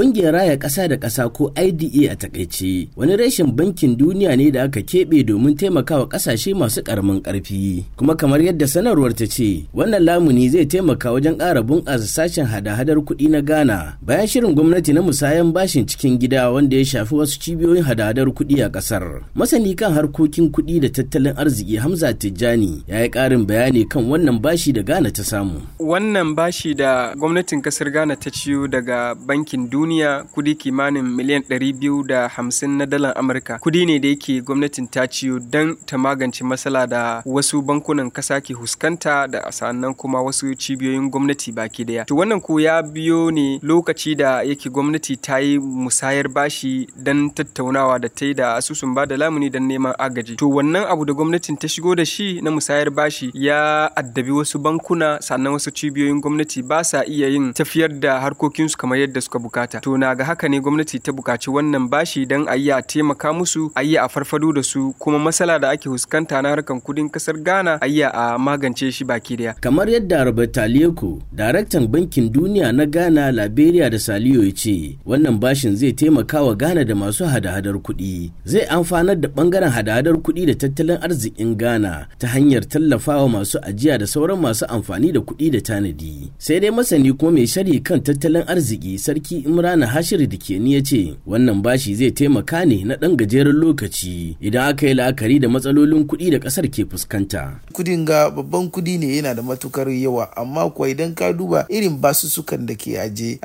Ƙungiyar Raya Ƙasa da Ƙasa ko IDA a takaice wani reshen bankin duniya ne da aka keɓe domin taimakawa ƙasashe masu ƙaramin ƙarfi. Kuma kamar yadda sanarwar ta ce, wannan lamuni zai taimaka wajen ƙara bunƙasa sashen hada-hadar kuɗi na Ghana bayan shirin gwamnati na musayan bashin cikin gida wanda ya shafi wasu cibiyoyin hada-hadar kuɗi a ƙasar. Masani kan harkokin kuɗi da tattalin arziki Hamza Tijjani ya yi ƙarin bayani kan wannan bashi da Ghana ta samu. Wannan bashi da gwamnatin ƙasar Ghana ta ciyo daga bankin duniya duniya kudi kimanin miliyan 250 na dalar Amurka. Kudi ne da yake gwamnatin ta ciyo don ta magance matsala da wasu bankunan kasa ke huskanta da sannan kuma wasu cibiyoyin gwamnati baki daya. To wannan ko ya biyo ne lokaci da yake gwamnati ta yi musayar bashi don tattaunawa da ta yi da asusun ba da lamuni don neman agaji. To wannan abu da gwamnatin ta shigo da shi na musayar bashi ya addabi wasu bankuna sannan wasu cibiyoyin gwamnati ba sa iya yin tafiyar da harkokinsu kamar yadda suka bukata. to na ga haka ne gwamnati ta bukaci wannan bashi dan a yi a taimaka musu a yi a farfado da su kuma matsala da ake fuskanta na harkan kudin kasar ghana a yi a magance shi baki daya kamar yadda robert taliyeko daraktan bankin duniya na ghana liberia da saliyo ya ce wannan bashin zai taimaka wa ghana da masu hada-hadar kuɗi zai amfanar da bangaren hada-hadar kuɗi da tattalin arzikin ghana ta hanyar tallafawa masu ajiya da sauran masu amfani da kuɗi da tanadi sai dai masani kuma mai shari kan tattalin arziki sarki imrana hashir da ke ni ya ce wannan bashi zai taimaka ne na ɗan gajeren lokaci idan aka yi la'akari da matsalolin kuɗi da ƙasar ke fuskanta kudin ga babban kudi ne yana da matukar yawa amma kuwa idan ka duba irin basussukan da ke aje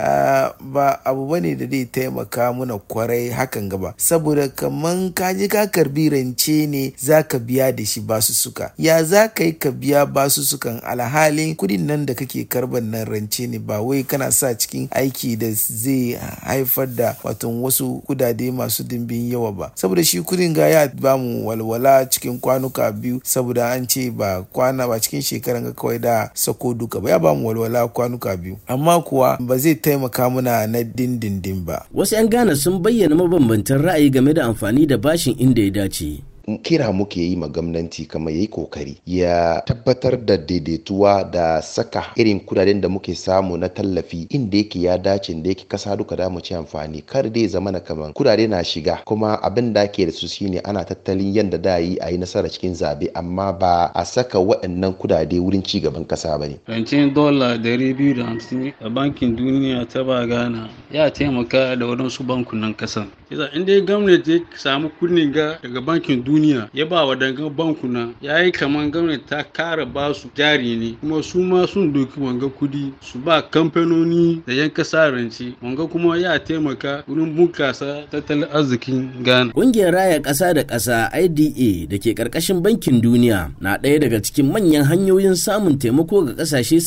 ba abu bane da zai taimaka mana kwarai hakan gaba saboda kaman ka je ka karbi rance ne za ka biya da shi basussuka ya za ka yi ka biya basussukan alhalin kudin nan da kake karban nan rance ne ba wai kana sa cikin aiki da zai a haifar da wato wasu kudade masu dimbin yawa ba saboda shi kudin ga ya ba mu walwala cikin kwanuka biyu saboda an ce ba kwana ba cikin shekaran ga kawai da sako duka ba ya ba mu walwala kwanuka biyu amma kuwa ba zai taimaka muna na dindindin ba wasu 'yan gana sun bayyana mabambantan ra'ayi game da amfani da bashin inda ya dace kira muke yi ma gwamnati kamar yayi kokari ya tabbatar da daidaituwa da saka irin kudaden da muke samu na tallafi inda yake ya dace da yake kasa duka da mu ci amfani kar dai zama na kaman kudade na shiga kuma abin da ake da su shine ana tattalin yanda da yi a yi nasara cikin zabe amma ba a saka waɗannan kudade wurin ci gaban kasa ba ne. Rancen dola dari biyu da hamsin a bankin duniya ta ba Ghana ya taimaka da wadansu bankunan ƙasan. yasa in dai gwamnati ya samu kunni ga daga bankin duniya ya ba wa dangan bankuna ya yi kaman gwamnati ta kara ba su jari ne kuma su ma sun doki wanga kudi su ba kamfanoni da yan kasa rance wanga kuma ya taimaka wurin bunƙasa tattalin arzikin ghana ƙungiyar raya ƙasa da ƙasa ida da ke ƙarƙashin bankin duniya na ɗaya daga cikin manyan hanyoyin samun taimako ga ƙasashe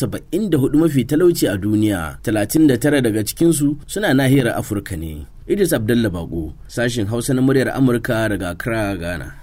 hudu mafi talauci a duniya talatin da tara daga cikinsu suna nahiyar afirka ne Idris Abdullah Bago, sashin Hausa na muryar Amurka daga Accra, Ghana.